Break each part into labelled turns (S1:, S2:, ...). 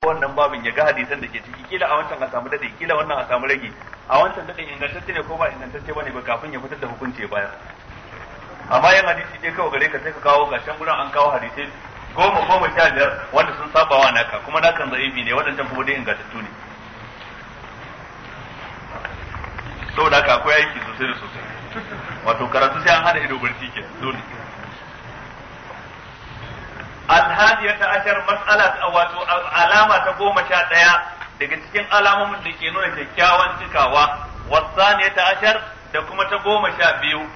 S1: wannan babin ya ga hadisan da ke ciki kila a wancan a samu dade kila wannan a samu rage a wancan dade ingantacce ne ko ba ingantacce bane ba kafin ya fitar da hukunci baya amma yan hadisi dai kawai gare ka sai ka kawo gashin gurin an kawo hadisai goma goma sha biyar wanda sun saba wa naka kuma kan za'ibi ne waɗancan kuma dai ingantattu ne saboda haka akwai aiki sosai da sosai wato karatu sai an hada ido barci ke dole alhadiyata ashar mas'ala wato alama ta goma sha ɗaya daga cikin alamomin da ke nuna kyakkyawan cikawa wasaniyata ashar da kuma ta goma sha biyu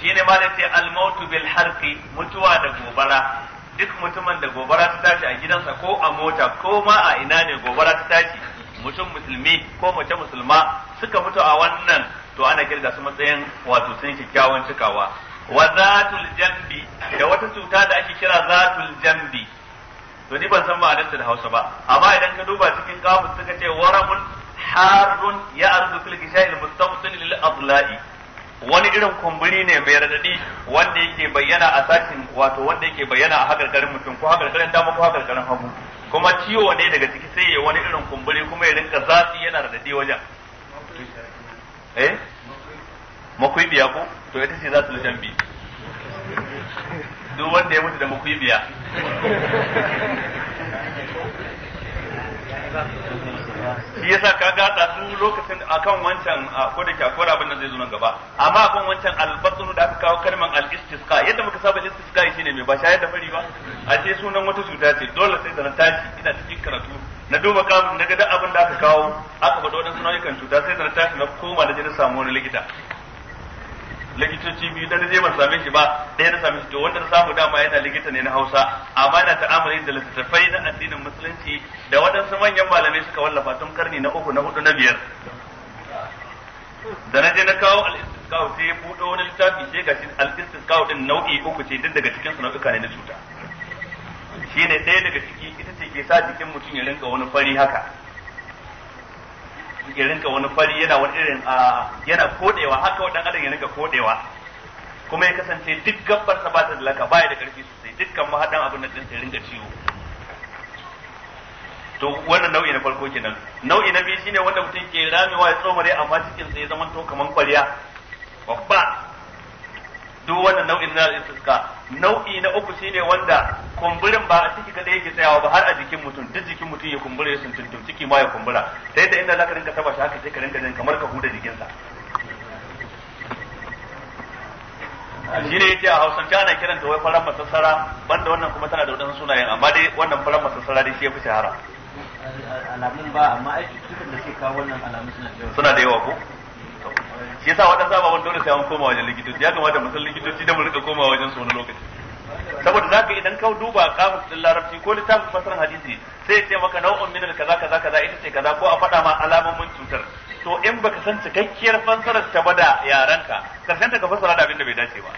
S1: shine ma da ce almautu bil harqi mutuwa da gobara duk mutumin da gobara ta tashi a gidansa ko a mota ko ma a ina ne gobara ta tashi mutum musulmi ko mace musulma suka mutu a wannan to ana kirga su matsayin wato sun kyakkyawan cikawa wa zatul jambi da wata cuta da ake kira zatul jambi to ni ban san ma'anarta da Hausa ba amma idan ka duba cikin kafin suka ce waramun harun ya arzu fil gishayil mustaqsil lil adla'i wani irin kumburi ne mai radadi wanda yake bayyana a sashin wato wanda yake bayyana a hakarkarin mutum ko hakarkarin dama ko hakarkarin hagu kuma ciwo ne daga ciki sai ya wani irin kumburi kuma ya rinka zafi yana radadi wajen eh makwibiya ko to ita ce za lishan bi duk wanda ya mutu da makwibiya shi yasa ka ga su lokacin akan wancan ko da a akwai abin da zai zo nan gaba amma akan wancan albatsun da aka kawo kalman al-istisqa yadda muka saba istisqa ne mai ba shayar da fari ba a ce sunan wata cuta ce dole sai da na tashi ina cikin karatu na duba kamun na gada duk abin da aka kawo aka faɗo wadansu nau'ikan cuta sai da na tashi na koma da je samuwar wani likita likitoci biyu da zai ban same shi ba ɗaya na same shi to wanda na samu dama yana likita ne na Hausa amma ta ta'amari da littattafai na addinin musulunci da waɗansu manyan malamai suka wallafa tun karni na uku na hudu na biyar da na je na kawo al-istisqa'u sai buɗo wani littafi sai ga shi al-istisqa'u din nau'i uku ce duk daga cikin su nau'uka ne na cuta shine ɗaya daga ciki ita ce ke sa jikin mutum ya rinka wani fari haka ya rinka wani fari yana wani irin yana kodewa haka wadan adam ya rinka kodewa kuma ya kasance duk gabbar sa ba ta da laka baya da karfi sosai dukkan mahadan abin da din rinka ciwo to wannan nau'i na farko kenan nau'i na biyu shine wanda mutum ke ramewa ya tsomare amma cikin sa ya zama to kaman kwariya babba duk wannan nau'in na istisqa nau'i na uku shine wanda kumburin ba a ciki kada yake tsayawa ba har a jikin mutum duk jikin mutum ya kumbura ya suntuntum ciki ma ya kumbura ta yadda inda ka rinka taba shi haka sai ka rinka jin kamar ka huda jikinsa shi ne ce a hausan ana kiranta wai faran masassara banda wannan kuma tana da wadansu sunayen amma dai wannan faran masassara dai shi ya fi shahara alamun ba amma cikin da suka kawo wannan alamun suna da suna da yawa ko shi yasa waɗansu ababen dole sai an koma wajen likitoci ya kamata mu san likitoci da mu rika koma wajen su wani lokaci saboda zaka idan ka duba kamus din larabci ko littafin fasaran hadisi sai ya ce maka nau'un min kaza kaza kaza ita ce kaza ko a faɗa ma alamomin cutar to in baka san cikakkiyar fasarar ta bada da yaranka karshen ta ka fasara da abin da bai dace ba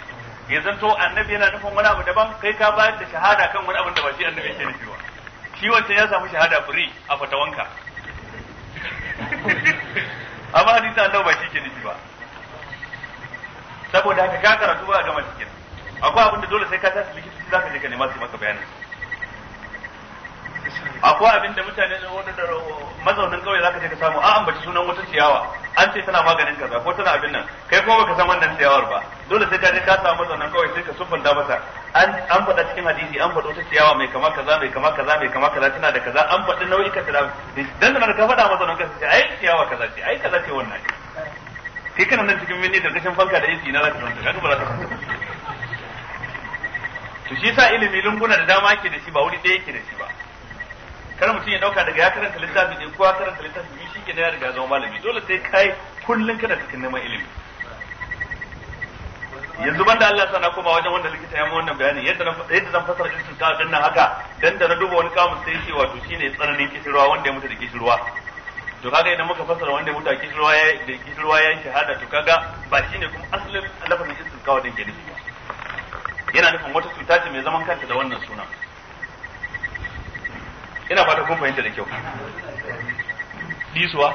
S1: ya zanto annabi yana nufin wani abu daban kai ka bayar da shahada kan wani abu da ba shi annabi ke nufi ba shi wancan ya samu shahada firi a fatawanka amma hadisi annabi ba shi ke nufi ba saboda haka ka karatu ba a gama cikin akwai abin da dole sai ka tashi likita za ka je ka nema su maka bayani akwai abin da mutane mazaunin kauye za ka je ka samu a ba sunan wata ciyawa an ce tana maganin kaza ko tana abin nan kai kuma baka san wannan ciyawar ba dole sai ka je ka samu mazaunin kauye sai ka sufanta masa an an faɗa cikin hadisi an faɗa wata ciyawa mai kama kaza mai kama kaza mai kama kaza tana da kaza an faɗi nau'ika ta dan da ka faɗa mazaunin kauye sai ai ciyawa kaza ce ai kaza ce wannan kai kana nan cikin minni kashin fanka da yake na zaka san kaga ba za ka to shi sa ilimi lunguna da dama yake da shi ba wuri ɗaya yake da shi ba kar mutum ya dauka daga ya karanta littafi ɗaya ko ya karanta littafi biyu shi ke ya riga zama malami dole sai kai kullun kana cikin neman ilimi yanzu ban da Allah sana koma wajen wanda likita ya mu wannan bayani yadda na yadda zan fasara ta dan nan haka dan da na duba wani kamus sai shi wato shine tsananin kishirwa wanda ya mutu da kishirwa to kaga idan muka fassara wanda ya mutu a kishirwa ya da kishirwa ya shahada to kaga ba shine kuma asalin lafazin istisqa din ke nufi yana nufin wata cuta ce mai zaman kanta da wannan suna ina fata kun fahimta da kyau lisuwa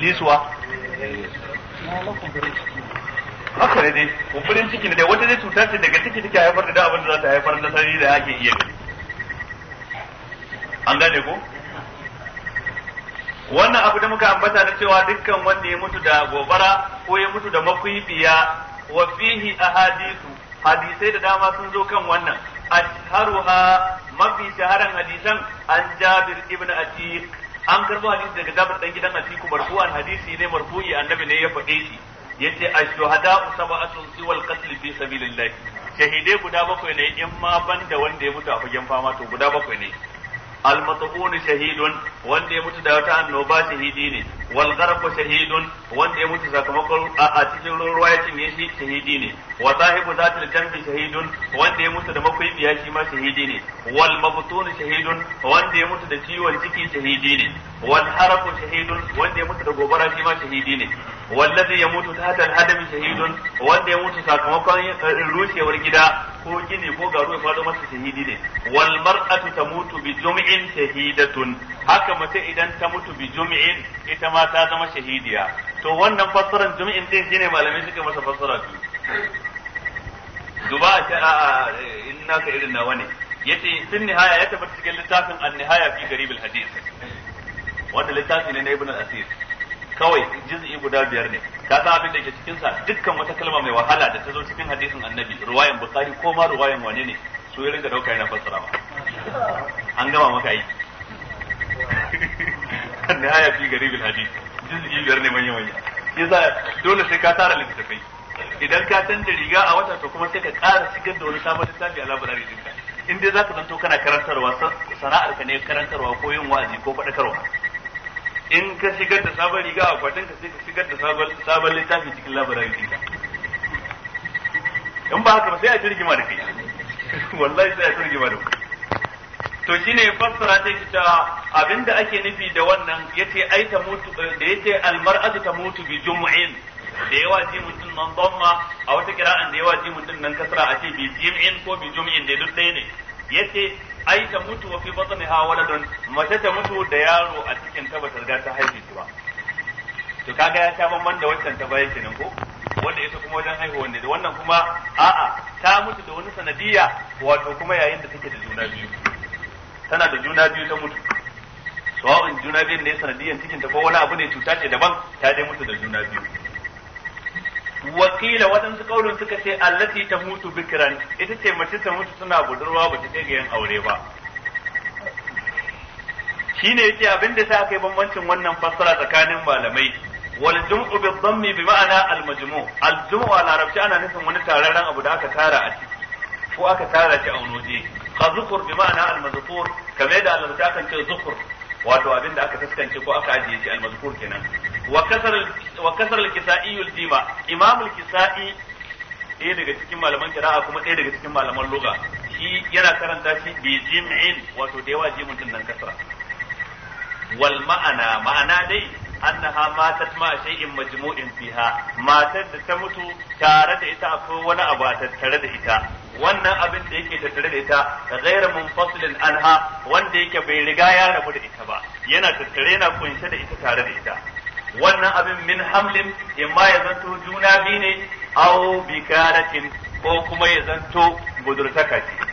S1: lisuwa haka ne dai kumburin ciki ne dai wata dai cuta ce daga ciki take haifar da abin da za ta haifar da sarari da ake iya gani an gane ko wannan abu da muka ambata na cewa dukkan wanda ya mutu da gobara ko ya mutu da makwibiya wa fihi ahadithu hadisai da dama sun zo kan wannan ashharuha mafi shaharan hadisan an Jabir ibn Atiq an karbo hadisi daga Jabir dan gidan Atiq marfu'an hadisi ne marfu'i annabi ne ya faɗe shi yace ashuhada shuhada sab'atun siwal qatl fi sabilillah shahidai guda bakwai ne in ma banda wanda ya mutu a fagen fama to guda bakwai ne المطعون شهيد وان دي متو دوتا النوبة شهيدين والغرق شهيد وان دي متو ساكمكو أتكين رواية نيشي شهيدين وصاحب ذات الجنب شهيد وان دي متو دمكوي بياشي ما شهيدين والمبطون شهيد وان دي متو دشيو الجكي شهيدين والحرق شهيد وان دي متو دقوبرا شما شهيدين والذي يموت تحت الهدم شهيد وان دي متو ساكمكو روشي والجدا ko gini ko garu ya faɗo masa shahidi ne wal mar'atu tamutu bi jum'in shahidatun haka mace idan ta mutu bi jum'in ita ma ta zama shahidiya to wannan fassaran jum'in din shine malamai suka masa fassara su duba a eh, in ka irin nawa ne yace sun nihaya ya tabbata cikin littafin an-nihaya fi garibul hadith wanda littafi ne na ibn al-asir kawai juz'i guda biyar ne ka san abin da ke cikin sa dukkan wata kalma mai wahala da ta zo cikin hadisin annabi ruwayan bukhari ko ma ruwayan wane ne su ya rinka dauka yana fassara ma an gama maka aiki ya fi gari bil hadis juz'i biyar ne manya manya yasa dole sai ka tara littattafai idan ka canza riga a wata to kuma sai ka ƙara shigar da wani sabon littafi a labarari dinka in dai zaka zanto kana karantarwa sana'ar ka ne karantarwa ko yin wa'azi ko faɗakarwa in ka shigar da sabon riga a kwatin ka sai ka shigar da sabon littafi cikin labarin riga in ba haka ba sai a jirgima da kai wallahi sai a turgi da kai to shine fassara ta yi abinda ake nufi da wannan yace ai ta mutu eh, da almar'atu ta mutu bi jumu'in da yawa ji mutum nan dhamma a wata kira'an da yawa ji mutum nan kasra a ce bi jum'in ko bi jumu'in da duk ɗaya ne yace ai ta mutu wa fi ha waladun mace ta mutu da yaro a cikin ta bata riga ta haife shi ba to kaga ya ta bamban da wancan ta baya kenan ko wanda ita kuma wajen haihuwa ne da wannan kuma a'a ta mutu da wani sanadiya wato kuma yayin da take da juna biyu tana da juna biyu ta mutu sawa'un juna biyun ne sanadiyan cikin ta ko wani abu ne cuta ce daban ta dai mutu da juna biyu wakila waɗansu ƙaunin suka ce allati ta mutu bikiran ita ce mace ta mutu suna budurwa ba ta ga 'yan aure ba shine yace abin da sa kai bambancin wannan fassara tsakanin malamai wal jum'u bi dhammi bi ma'ana al majmu' al jum'u a larabci ana nufin wani tararren abu da aka tara a ciki ko aka tara shi a wani waje ka zukur bi ma'ana al mazkur kamar da Allah ta kan ce zukur wato abinda aka taskance ko aka ajiye shi al kenan wa kasar wa kasar al jima imam al-kisa'i ɗaya daga cikin malaman qira'a kuma ɗaya daga cikin malaman lugha shi yana karanta shi bi jim'in wato da yawa jimun din nan kasra wal ma'ana ma'ana dai annaha matat ma shay'in majmu'in fiha matar da ta mutu tare da ita akwai wani abu a tattare da ita wannan abin da yake tattare da ita ka ghayra munfasilin anha wanda yake bai riga ya rabu da ita ba yana tattare yana kunshe da ita tare da ita wannan abin min hamlin imma ya zanto juna biyu ne aw bikaratin ko kuma ya zanto budurtaka ce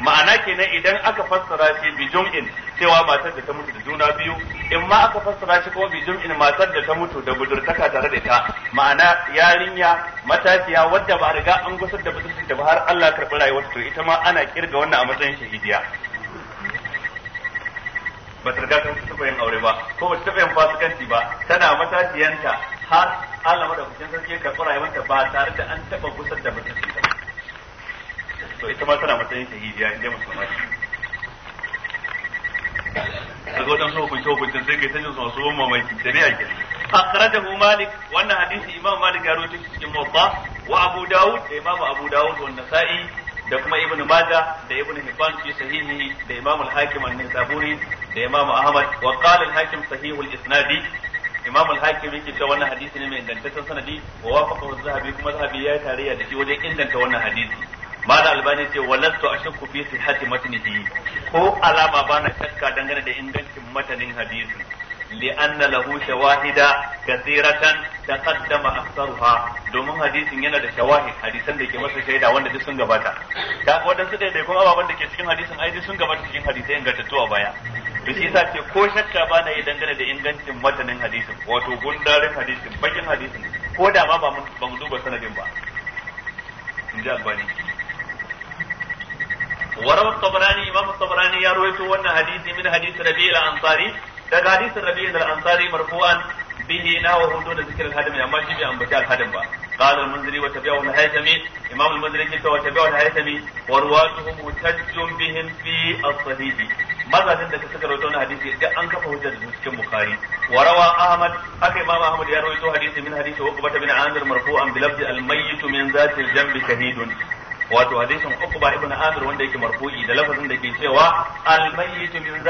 S1: ma'ana kenan idan aka fassara shi bi jum'in cewa matar da ta mutu da juna biyu in ma aka fassara shi kuma bi jum'in matar da ta mutu da budurtaka tare da ta ma'ana yarinya matafiya wadda ba riga an gusar da budurtaka da ba har Allah karɓi rayuwar to ita ma ana kirga wannan a matsayin shahidiya ba ta riga ta taɓa yin aure ba ko ba ta taɓa yin fasikanci ba tana matafiyanta har Allah madaukakin sarki ya karɓi rayuwarta ba tare da an taɓa gusar da budurtaka So ita ma tana matsayin shahidiya inda musulma ce daga wajen su hukunce hukuncin sai kai ta jin sun ban mamaki shari'a ke akhrajahu malik wannan hadisi imam malik ya rawaito cikin mabba wa abu Dawud da imam abu Dawud wa nasa'i da kuma Ibn majah da Ibn hibban fi sahihi da imam al-hakim an-nisaburi da imam ahmad wa qala al-hakim sahihul isnadi imam al-hakim yake cewa wannan hadisi ne mai ingantaccen sanadi wa wafaqahu az-zahabi kuma zahabi ya tarayya da shi wajen inganta wannan hadisi malam albani ce walastu ashakku fi sihati matnihi ko alama bana shakka dangane da ingancin matanin hadisi anna lahu shawahida كثيرة taqaddama أكثرها domin hadisin yana da shawahid hadisan da ke masa shaida wanda duk sun gabata ta wadansu da dai kuma ababan da ke cikin hadisin ai duk sun gabata cikin hadisai ingantattu a baya to shi yasa ce ko shakka ba na yi dangane da ingancin matanin hadisin wato gundarin hadisin bakin hadisin ko da ba ba mu duba sanadin ba in ji albani وروى الطبراني امام الطبراني يروي وانا حديث من حديث ربيع الانصاري daga hadisin rabi'in al-ansari marfu'an bihi nawahu dun zikr al-hadim amma shi bai ambaci al-hadim ba qala al-munziri wa tabi'ahu al-haythami imam al-munziri ke cewa tabi'ahu al-haythami wa ruwatuhum mutajjum bihim fi as-sahihi mazalin da suka rawaito wannan hadisi an kafa hujjar da cikin bukhari wa rawa ahmad haka imam ahmad ya rawaito hadisi min hadisi marfu'an bi lafzi al-mayyit min wato hadisin Uqba ibn Amir wanda yake marfu'i da lafazin da ke cewa al-mayyit min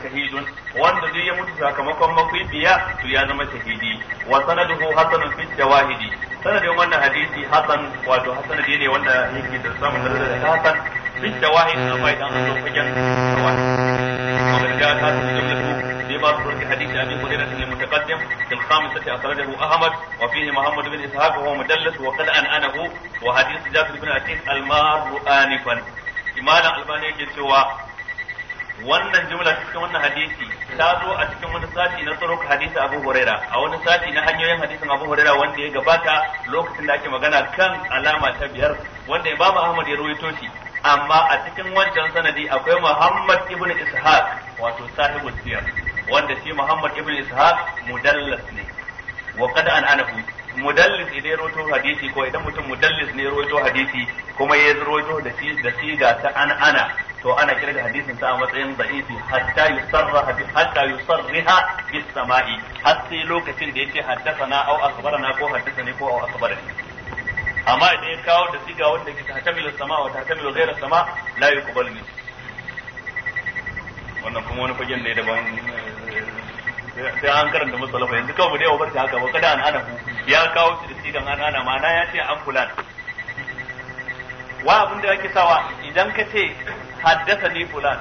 S1: shahidun wanda duk ya mutu sakamakon mafiya to ya zama shahidi wa sanaduhu hasan fi jawahidi sanadin wannan hadisi hasan wato hasan ne wanda yake da samun hasan fi amma idan
S2: an zo fagen
S1: باب في حديث ابي هريره المتقدم في الخامسه اخرجه احمد وفيه محمد بن اسحاق وهو مدلس وقد انانه وحديث جابر بن عتيق المار انفا امام الباني wannan jumla cikin wannan hadisi ta zo a cikin wani sati na tsarok hadisi Abu Huraira a wani sati na hanyoyin hadisin Abu Huraira wanda ya gabata lokacin da ake magana kan alama ta biyar wanda Imam Ahmad ya rawaito shi amma a cikin wancan sanadi akwai Muhammad ibn Ishaq wato sahibul siyar wanda shi Muhammad ibn Ishaq mudallas ne wa qad an anahu mudallis idan roto hadisi ko idan mutum mudallis ne roto hadisi kuma ya roto da shi da siga ta an ana to ana kira da hadisin sa a matsayin da'ifi hatta yusarraha bi hatta yusarriha bis sama'i har sai lokacin da yace haddathana aw akhbarana ko haddathani ko aw akhbarani amma idan ya kawo da siga wanda ke tahtamilu sama wa tahtamilu ghayra sama la yuqbalu wannan kuma wani fagen ne daban sai an karanta masa lafa yanzu kawai mu dai ubar haka ba kada an ana ya kawo shi da da an ana ma'ana ya ce an kula wa abin da yake sawa idan ka ce haddasa ni fulan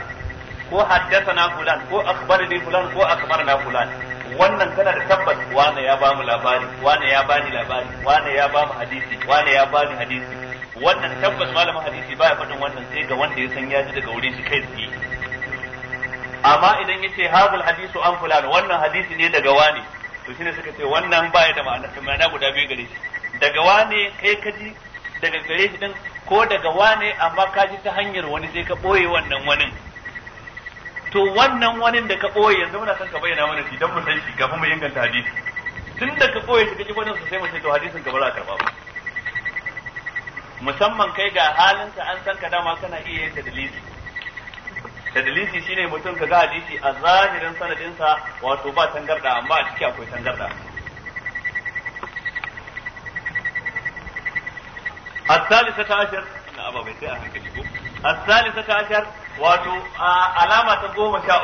S1: ko haddasa na fulan ko akbar ni fulan ko akbar na fulan wannan kana da tabbas wane ya ba mu labari wane ya bani labari wane ya ba mu hadisi wane ya bani hadisi wannan tabbas malamin hadisi baya faɗin wannan sai ga wanda ya san ya ji daga wurin shi kai tsaye amma idan yace hadhal hadisu an fulan wannan hadisi ne daga wani to shine suka ce wannan baya da ma'ana ma'ana guda biyu gare shi daga wani kai kaji daga gare shi din ko daga wani amma kaji ta hanyar wani sai ka boye wannan wani, to wannan wani da ka boye yanzu muna son ka bayyana mana shi dan mu san shi kafin mu inganta hadisi tun da ka boye shi kaji wannan sai mu ce to hadisin ka ba za ka karba ba musamman kai ga halinka an san ka dama kana iya yin dalili tadlisi shine mutum ka ga hadisi a zahirin sanadinsa wato ba tangarda amma a ciki akwai tangarda الثالثة عشر لا أبا بيتي الثالثة عشر واتو علامة تقوم شاء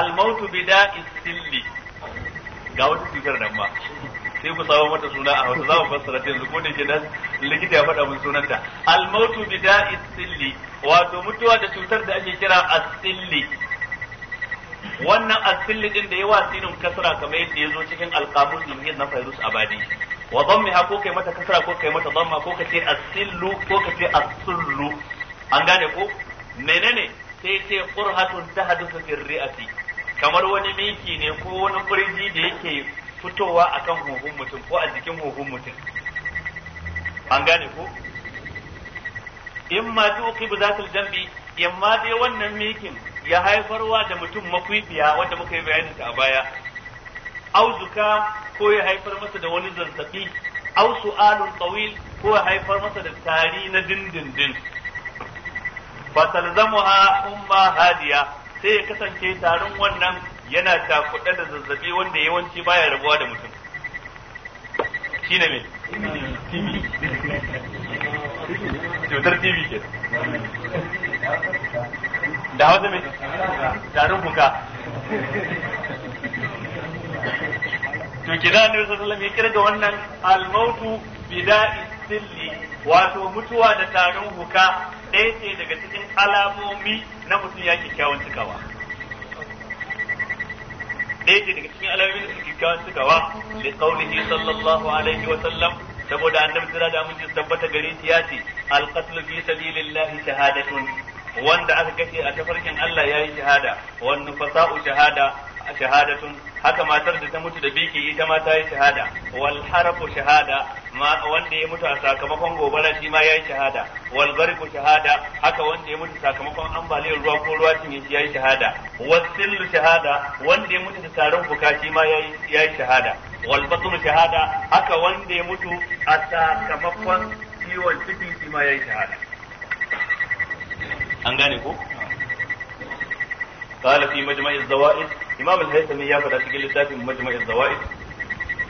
S1: الموت بداء السلي ga wata cutar sai ku samu mata suna a Hausa za mu fassara ta yanzu ko da ke nan likita ya faɗa mun sunanta al-mautu bida'i silli wato mutuwa da cutar da ake kira as-silli wannan as-silli din da yawa sinin kasra kamar yadda yazo cikin al-qamus muhid na fayrus abadi wa ha ko kai mata kasra ko kai mata dhamma ko kace as-sillu ko kace
S2: as-sullu
S1: an gane ko menene sai ce qurhatun tahaduthu fi ri'ati kamar wani miki ne ko wani kurji da yake fitowa kan huhun mutum ko a jikin huhun mutum an gane ko in ma za su jambi in ma dai wannan mikin ya haifarwa da mutum makwifiya wanda muka yi bayanin ta a baya auzuka ko ya haifar masa da wani zazzabi au alun tawil ko ya haifar masa da tari na dindindin fa talzamuha umma hadiya sai ya kasance tarin wannan yana takuɗa da zazzabi wanda yawanci baya rabuwa da mutum shi ne mai cutar tv ke da hausa mai tarin fuka to kira annabi sallallahu alaihi wasallam ya wannan almautu bida'i silli wato mutuwa da tarin huka ɗaya ce daga cikin alamomi na mutum ya kyakkyawan cikawa ɗaya ce daga cikin alamomin da suke kawo cikawa li qaulihi sallallahu alaihi wa sallam saboda annabi sira da mun tabbata gare shi ya ce al fi sabilillahi shahadatun wanda aka kashe a tafarkin Allah yayi shahada wan nufasa'u shahada shahadatun haka matar da ta mutu da biki ita ma ta yi shahada wal harafu shahada ma wanda ya mutu a sakamakon gobara shi ma ya yi shahada wal barku shahada haka wanda ya mutu sakamakon ambaliyar ruwa ko ruwa cin shi ya yi shahada wal sillu shahada wanda ya mutu da tarin fuka shi ma ya yi shahada wal batnu shahada haka wanda ya mutu a sakamakon ciwon ciki shi ma ya yi shahada an gane ko قال في مجمع الزوائد imam al-haythami ya fada cikin littafin majma' az-zawaid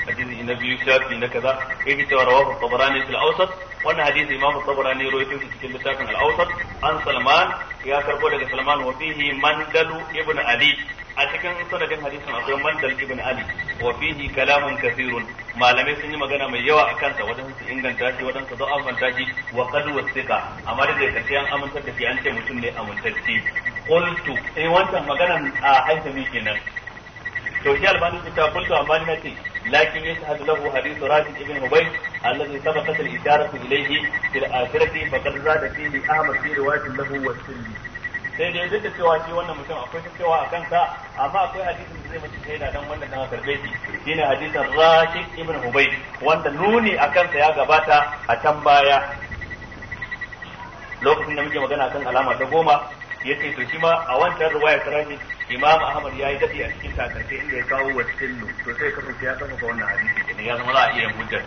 S1: hadisi na biyu shafi na kaza yake cewa rawahu tabarani fil awsat wannan hadisi imam tabarani ya rawaito cikin littafin al-awsat an salman ya karbo daga salman wa fihi mandalu ibn ali a cikin sanadin hadisin akwai mandal ibn ali wa fihi kalamun kathirun malamai sun yi magana mai yawa a kansa wajen su inganta shi su zo an shi wa qad wasiqa amma da kai an amintar da shi an ce mutum ne amintacce qultu eh wancan maganan a ah, haisami kenan to shi albani ta ta qultu amma ni ce lakin yasa lahu hadithu rashid ibn hubay alladhi sabaqat al-isharatu ilayhi fil akhirati faqad zada fihi ahmad fi riwayatin lahu wa sunni sai dai duk da cewa shi wannan mutum akwai ta cewa a kansa amma akwai hadisin da zai mace sai da dan wannan dan karbe shi shine hadisin Rashid ibn hubay wanda nuni a kansa ya gabata a can baya lokacin da muke magana kan alama ta goma yace to shi ma a wancan ruwaya ta rami imam ahmad yayi dafi a cikin takarce inda ya kawo wa sillu to sai kasance ya kafa wannan hadisi ne ya zama za a iya hujjar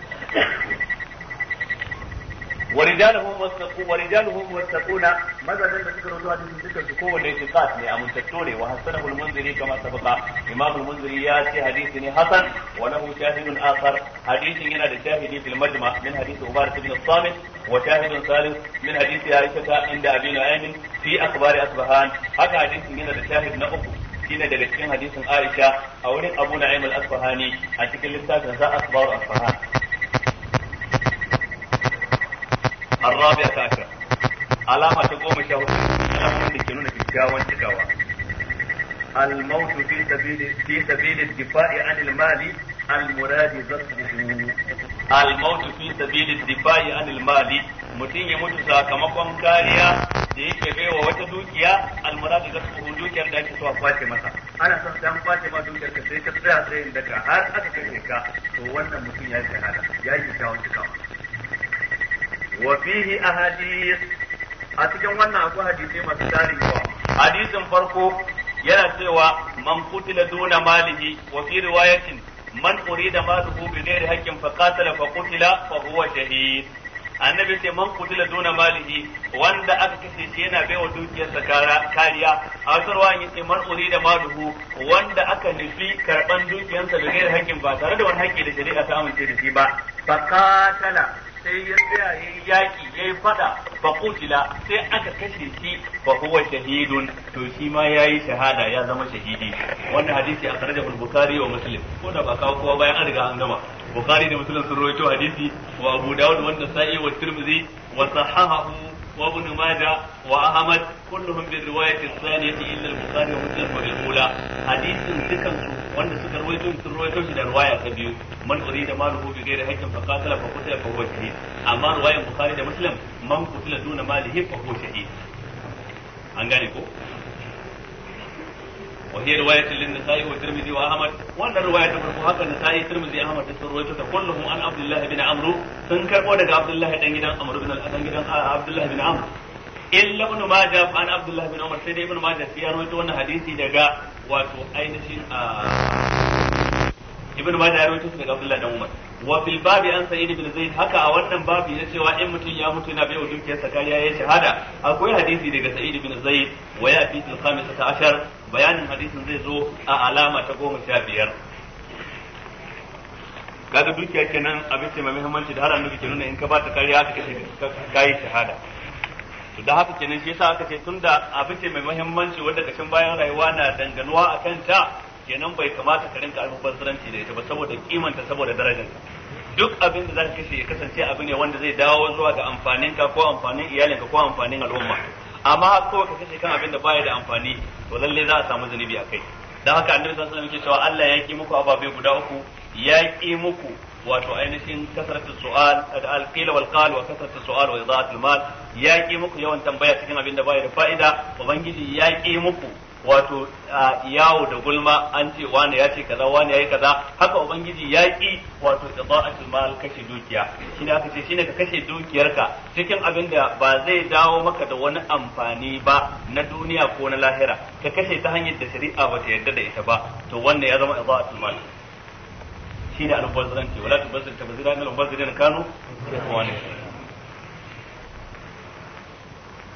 S1: ورجالهم وثقوا ورجالهم وثقون ماذا لم تذكروا ذو حديث ذكر ذكو ولا ثقات ne امنتتوني وحسنه المنذري كما سبق امام المنذري ياتي حديث ني حسن وله شاهد اخر حديث هنا ده شاهد في المجمع من حديث عبارة بن الصامت وشاهد ثالث من حديث عائشة عند ابي نعيم في اخبار اصبهان هذا حديث هنا ده شاهد na uku shine daga cikin hadisin Aisha a wurin Abu Na'im al-Asfahani a cikin littafin sa Asbar al-Asfahan الرابعة عشر علامة تقوم شهر علامة تكون في الشاوان تكاوى الموت في سبيل في سبيل الدفاع عن المال المراد ذكره الموت في سبيل الدفاع عن المال mutum ya mutu sakamakon kariya da yake baiwa wata dukiya almuradu da su dukiyar da ake so a kwace masa ana son sai an kwace ma dukiyar ka sai ta tsaya tsayin daka, har aka kai ka to wannan mutum ya yi shahada ya yi kyawun cikawa wa fihi ahadith a cikin wannan akwai hadisi masu tarin yawa hadisin farko yana cewa man qutila duna malihi wa fi riwayatin man urida maluhu bi ghairi haqqin fa qatala fa qutila fa huwa shahid annabi sai man qutila duna malihi wanda aka kashe shi yana baiwa dukiyarsa kariya a wasu ruwan yace man urida maluhu wanda aka nufi karban dukiyarsa bi ghairi haqqin ba tare da wani haƙƙi da shari'a ta amince da shi ba fa qatala sai ya tsaya ya yi yaƙi ya yi faɗa ba kutila sai aka kashe shi ba huwa shahidun to shi ma ya yi shahada ya zama shahidi wannan hadisi a da bukari wa musulun ko da ba kawo kowa bayan an riga an gama bukari da musulun sun rawaito hadisi wa abu dawud wanda sa'i wa tirmidhi wa sahahu وابن ماجه واحمد كلهم بالروايه الثانيه الا البخاري ومسلم بالاولى حديث ذكر وان ذكر رويتو من رويتو شي روايه تبيو من اريد ماله بغير حق فقاتل فقتل فهو شهيد اما روايه البخاري ومسلم من قتل دون ماله فهو شهيد an gane وهي رواية للنسائي والترمذي وأحمد وأن الرواية تفرق حق النسائي ترمذي أحمد تسرويته كلهم عن عبد الله بن عمرو سنكر ودك عبد الله بن جدان عمرو بن عبد الله بن عمرو إلا ابن ماجه عن عبد الله بن عمر سيد ابن ماجه في رواية أن حديثي دقا وتو أين شيء ibn majah ya rawaito daga abdullah dan umar wa fil babi an sa'id ibn zaid haka a wannan babi na cewa in mutum ya mutu yana baiwa dukiyar sa kariya ya shahada akwai hadisi daga sa'id ibn zaid wa ya fi al khamisata ashar bayanin hadisin zai zo a alama ta goma sha biyar kaga dukiya kenan abin ce mai muhimmanci da har annabi ke nuna in ka ba ta kariya ka kace kai shahada to da haka kenan shi yasa aka ce tunda abin ce mai muhimmanci wanda kashin bayan rayuwa na danganuwa akan ta kenan bai kamata ka rinka almubazzaranci da ita ba saboda kimanta saboda darajarta duk abin da zaka kashe ya kasance abu ne wanda zai dawo zuwa ga amfaninka ko amfanin iyalinka ko amfanin al'umma amma ko ka kashe kan abin da baya da amfani to lalle za a samu zunubi a kai dan haka annabi sallallahu alaihi wasallam yake cewa Allah ya ki muku ababe guda uku ya ki muku wato ainihin kasarta su'al al-qila wal qal wa kasarta su'al wa idaat mal ya ki muku yawan tambaya cikin abin da baya da fa'ida ubangiji ya ki muku wato yawo da gulma an ce wani ya ce kaza wani ya yi kaza haka ubangiji ya yi wato da idza'atul mal kashe dukiya shine aka ce ne ka kashe dukiyarka cikin abin da ba zai dawo maka da wani amfani ba na duniya ko na lahira ka kashe ta hanyar da shari'a ba ta yarda da ita ba to wannan ya zama Shi mal shine zan ce wala tubazzir tabzira na al-bazrin kanu wani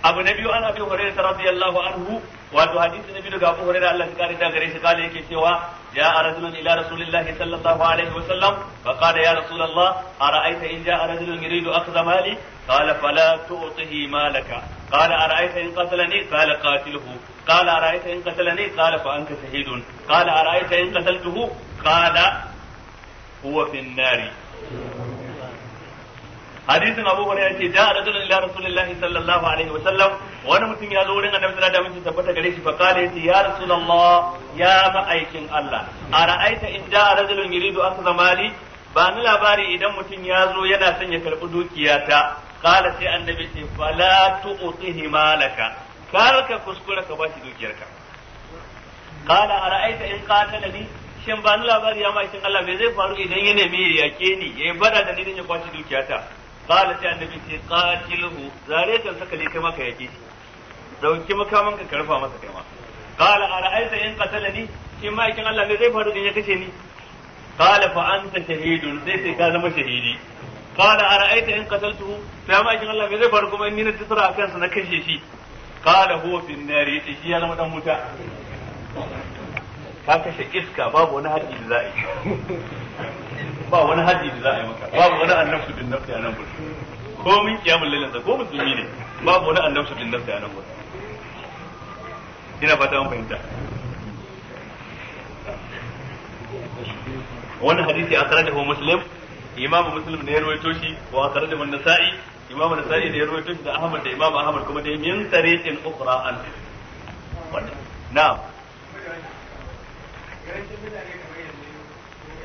S1: abu na biyu ana ta hurairah radiyallahu anhu wato hadisi na biyu daga Abu Hurairah Allah ya kare da gare shi kale yake cewa ya rajulun ila rasulillahi sallallahu alaihi wa sallam fa qala ya rasulullah ara'aita in ja'a rajulun yuridu akhdha mali qala fala tu'tihi malaka qala ara'aita in qatalani qala qatiluhu qala ara'aita in qatalani qala fa anta shahidun qala ara'aita in qataltuhu qala huwa fi an-nari hadisin Abu ce ja da rajulun ila rasulillahi sallallahu alaihi wa sallam wani mutum ya zo wurin Annabi sallallahu alaihi wa sallam tabbata gare shi fa kale ce ya rasulullah ya ma'aikin Allah A ra'aita in ara'aita idda rajulun yuridu akhdha mali ba ni labari idan mutum ya zo yana son ya karɓi dukiyata kala sai annabi ce fala tu'tihi malaka kala ka kuskura ka bashi dukiyarka kala a ra'aita in qatala ni shin ba ni labari ya ma'aikin Allah me zai faru idan ya nemi ya yake ni yayi bada da ni ya kwace dukiyata qala sai annabi ce qatilhu zare kan saka ne kai ma ka yake shi dauki makaman ka karfa masa kai ma qala ara'aita in qatalani in ma yakin Allah ne zai faru in ya kace ni qala fa anta shahidun sai sai ka zama shahidi qala ara'aita in qataltuhu sai ma yakin Allah me zai faru kuma in ni na a kansa na kashe shi qala huwa fi nari yace shi ya zama dan wuta ka kashe iska babu wani haƙi da za yi ba wani haji da za a yi maka babu wani annabtu bin nafsi a nan gurin ko min kiyamul lailin sa ko musulmi ne babu wani annabtu bin nafsi a nan gurin ina fata mun fahimta wannan hadisi akhrajahu muslim imamu muslim ne ya rawaito shi wa akhrajahu man nasai imamu nasai ne ya rawaito shi da ahmad da imamu ahmad kuma da min tariqin ukhra an na'am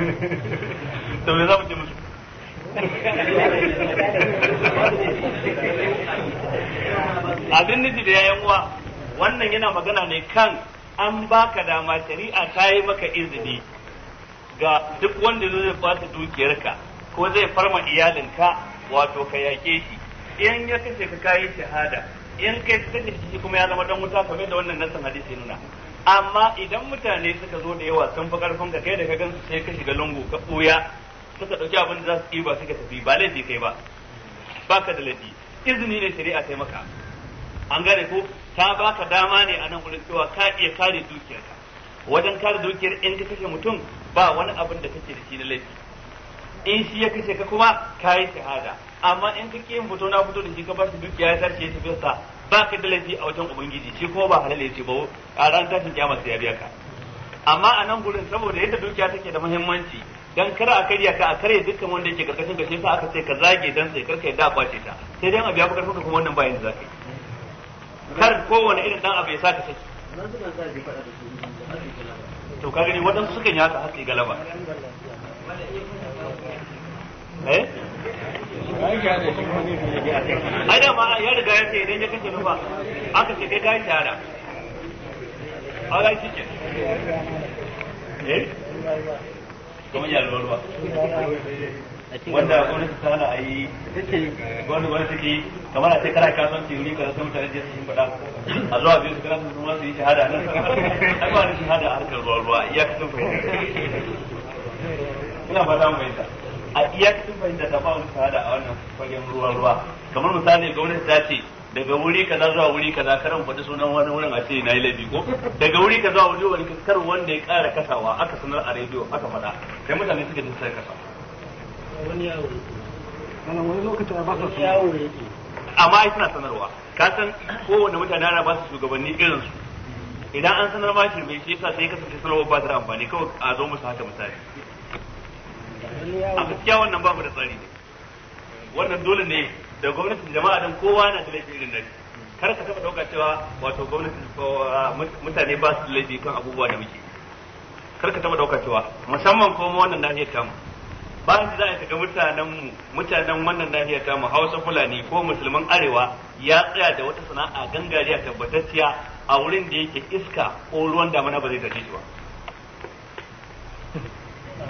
S2: to me za mu
S1: abin nufi da yayan wannan yana magana ne kan an baka dama shari'a ta yi maka izini ga duk wanda zai fata dukiyarka ko zai farma iyalinka wato ka yake shi in ya kace ka kayi shahada in kai kace shi kuma ya zama dan wuta kamar da wannan nasan hadisi nuna amma idan mutane suka zo da yawa sun fi karfin ka kai da ka gansu sai ka shiga lungu ka ɓuya suka ɗauki abin da za su ɗiba suka tafi ba laifi kai ba baka da laifi izini ne shari'a ta maka an gane ko ta baka dama ne a nan gurin cewa ka iya kare dukiyarka wajen kare dukiyar in ka kashe mutum ba wani abin da kake da shi na laifi in shi ya kashe ka kuma ka yi shahada amma in ka ƙi mutum fito na fito da shi ka ba shi dukiya ya tashi ya tafi sa ba ka da laifi a wajen ubangiji shi ko ba halal yace ba a ran tashin kiyama sai ya biya ka amma a nan gurin saboda yadda dukiya take da muhimmanci dan kar a karya ka a karya dukkan wanda yake karkashin ka shi sa aka ce ka zage dan sai karka yadda a kwace ta sai dai a biya karfin kuma wannan bayan da zaka yi kar kowane irin dan abu ya saka saki to ka gani waɗansu sukan yi haka galaba eh ai da ma ya riga ya ce idan ya kashe nufa aka ce kai kai ala shi ke eh kuma ya ruwa wanda gwamnati ta hana a yi wani wani kamar a ce kana kasuwanci wuri ka zama mutane jiya sun faɗa a zuwa biyu su kana sun zama su yi shahada nan ai ba ni shahada a harkar ruwa ruwa iya kasan ina ba za mu a cikin fahimta ta fa'ul shahada a wannan fagen ruwa ruwa kamar misali gwamnati ta ce daga wuri kaza zuwa wuri kaza karan faɗi sunan wani wurin a ce na yi laifi ko daga wuri kaza wuri wani kar wanda ya ƙara kasawa aka sanar a rediyo aka faɗa sai mutane suka ji sai kasa wani yawo wani lokacin a ba su yawo amma ai suna sanarwa ka san kowanne mutane ana ba su shugabanni irin su idan an sanar ba shi bai shi yasa sai kasance sanarwa ba ta da amfani kawai a zo musu haka misali
S2: a gaskiya
S1: wannan babu da tsari ne wannan dole ne da gwamnatin jama'a don kowa na da laifin irin nan kar ka taba dauka cewa wato gwamnatin ah, mutane ba su laifi kan abubuwa da muke kar ka taba dauka cewa musamman kuma wannan nahiyar mu. ba su za a kaga mutanen mu mutanen wannan nahiyar mu Hausa Fulani ko musulman arewa ya tsaya da wata sana'a gangariya tabbatacciya a wurin da yake iska ko ruwan damana ba zai tafi shi ba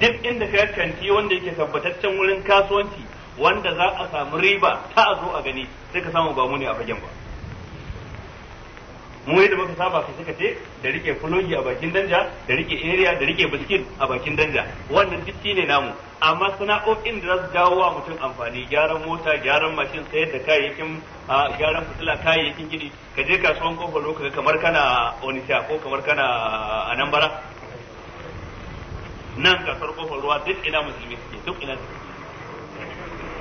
S1: duk inda ka kanti wanda yake tabbataccen wurin kasuwanci wanda za a samu riba ta zo a gani sai ka samu ba mu ne a fagen ba mu yadda muka saba kai suka ce da rike fulogi a bakin danja da rike area da rike biskit a bakin danja wannan duk ne namu amma sana'o'in da za su dawo wa mutum amfani gyaran mota gyaran mashin sayar da kayayyakin gyaran fitila kayayyakin gini ka je kasuwan kofar ka kamar kana onisha ko kamar kana anambara nan gasar kofar ruwa duk ina musulmi suke duk ina
S2: suke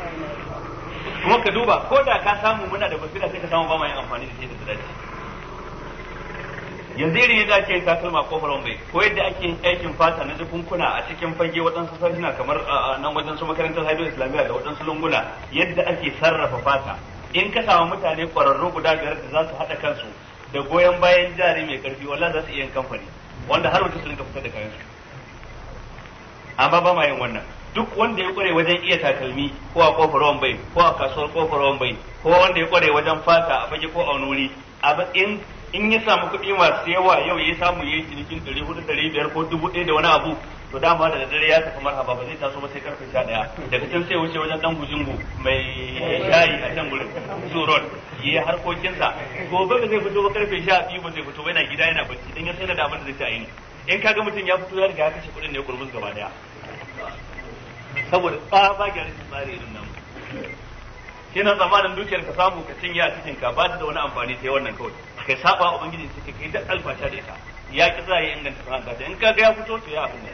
S1: kuma ka duba ko da ka samu muna da basira sai ka samu ba ma amfani da shi da sadaki yanzu irin yadda ake yin takalma kofar wambai ko yadda ake aikin fata na jikunkuna a cikin fage waɗansu sarjina kamar nan wajen su makarantar haidu islamiyya da waɗansu lunguna yadda ake sarrafa fata in ka samu mutane ƙwararru guda biyar da za su haɗa kansu da goyon bayan jari mai karfi wallahi za su iya yin kamfani wanda har wata sun ka fitar da kayansu. amma ba ma yin wannan duk wanda ya kware wajen iya takalmi ko a kofar ruwan bai ko a kasuwar kofar ruwan bai ko wanda ya kware wajen fata a fage ko a wuri a in in ya samu kuɗi masu yawa yau ya samu yayi cinikin ɗari ko dubu da wani abu to dama da dare ya tafi marhaba ba zai taso ba sai karfe sha daya daga can sai wuce wajen dan gujingu mai shayi a can gurin su ya yi harkokinsa gobe ba zai fito ba karfe sha biyu ba zai fito ba yana gida yana bacci dan ya sai da abin da zai ta yi in kaga mutum ya fito ya riga ya kashe kuɗin ne kurmus gaba daya saboda tsaba gyara rashin tsari irin nan kina tsammanin dukiyar ka samu ka cinye a cikin ka ba da wani amfani sai wannan kawai kai saba ubangiji sai kai da alfasha da ita ya ki za ya inganta sana'a ta in kaga ya fito to ya abin ne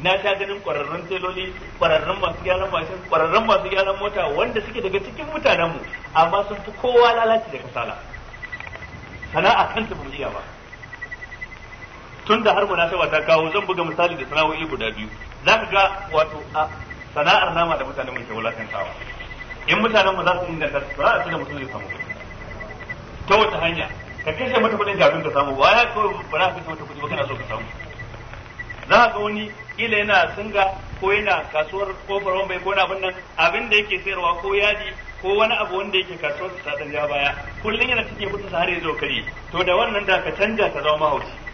S1: na sha ganin kwararrun teloli kwararrun masu gyaran mashin kwararrun masu gyaran mota wanda suke daga cikin mutanenmu amma sun fi kowa lalaci da kasala sana'a kanta ba ba tun da har munasaba ta kawo zan buga misali da sana'o'i guda biyu za ka ga wato a sana'ar nama da mutanen mu ke wulakantawa in mutanen mu za su inganta za su da mutum zai samu ta wata hanya ka kashe mata kudin kafin ka samu waya ko ba za ka mata kudi ba kana so ka samu za ka ga wani kila yana singa ko yana kasuwar kofar bai ko na abin nan abin da yake sayarwa ko yadi ko wani abu wanda yake kasuwar ta dan baya kullun yana cike kudin sa har ya zo kare to da wannan da ka canja ta zama mahauci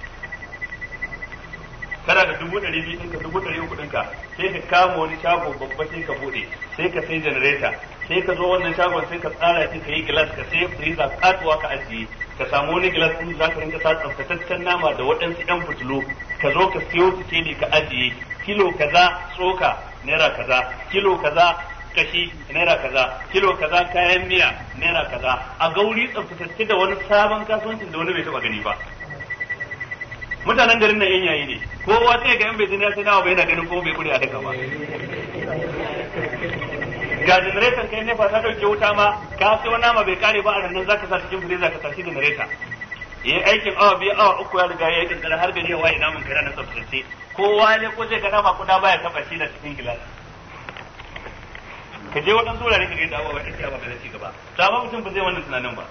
S1: kana da dubu ɗari biyu ɗinka dubu ɗari uku ɗinka sai ka kama wani shago babba sai ka buɗe sai ka sai janareta sai ka zo wannan shagon sai ka tsara shi ka yi gilas ka sai firiza katuwa ka ajiye ka samu wani gilas ɗin za ka rinka sa tsaftataccen nama da waɗansu ƴan fitilu ka zo ka siyo su ne ka ajiye kilo kaza tsoka naira kaza kilo kaza kashi naira kaza kilo kaza kayan miya naira kaza a gauri tsaftatacce da wani sabon kasuwancin da wani bai taɓa gani ba mutanen garin nan yan yayi ne kowa sai ga yan bai sai nawa bai na ganin ko bai kure a daka ba ga generator kai nefa ta dauke wuta ma ka sai wani nama bai kare ba a nan zaka sa cikin freezer ka tashi generator yayi aikin awa biyu awa uku ya riga yi kankara har gari ya waye namun kira na tsaftace kowa ne ko zai ga nama kuda baya taba shi da cikin gilas ka je waɗansu wurare ka ga yadda abubuwa ya ci gaba ba ci gaba ta ba mutum ba zai wannan tunanin ba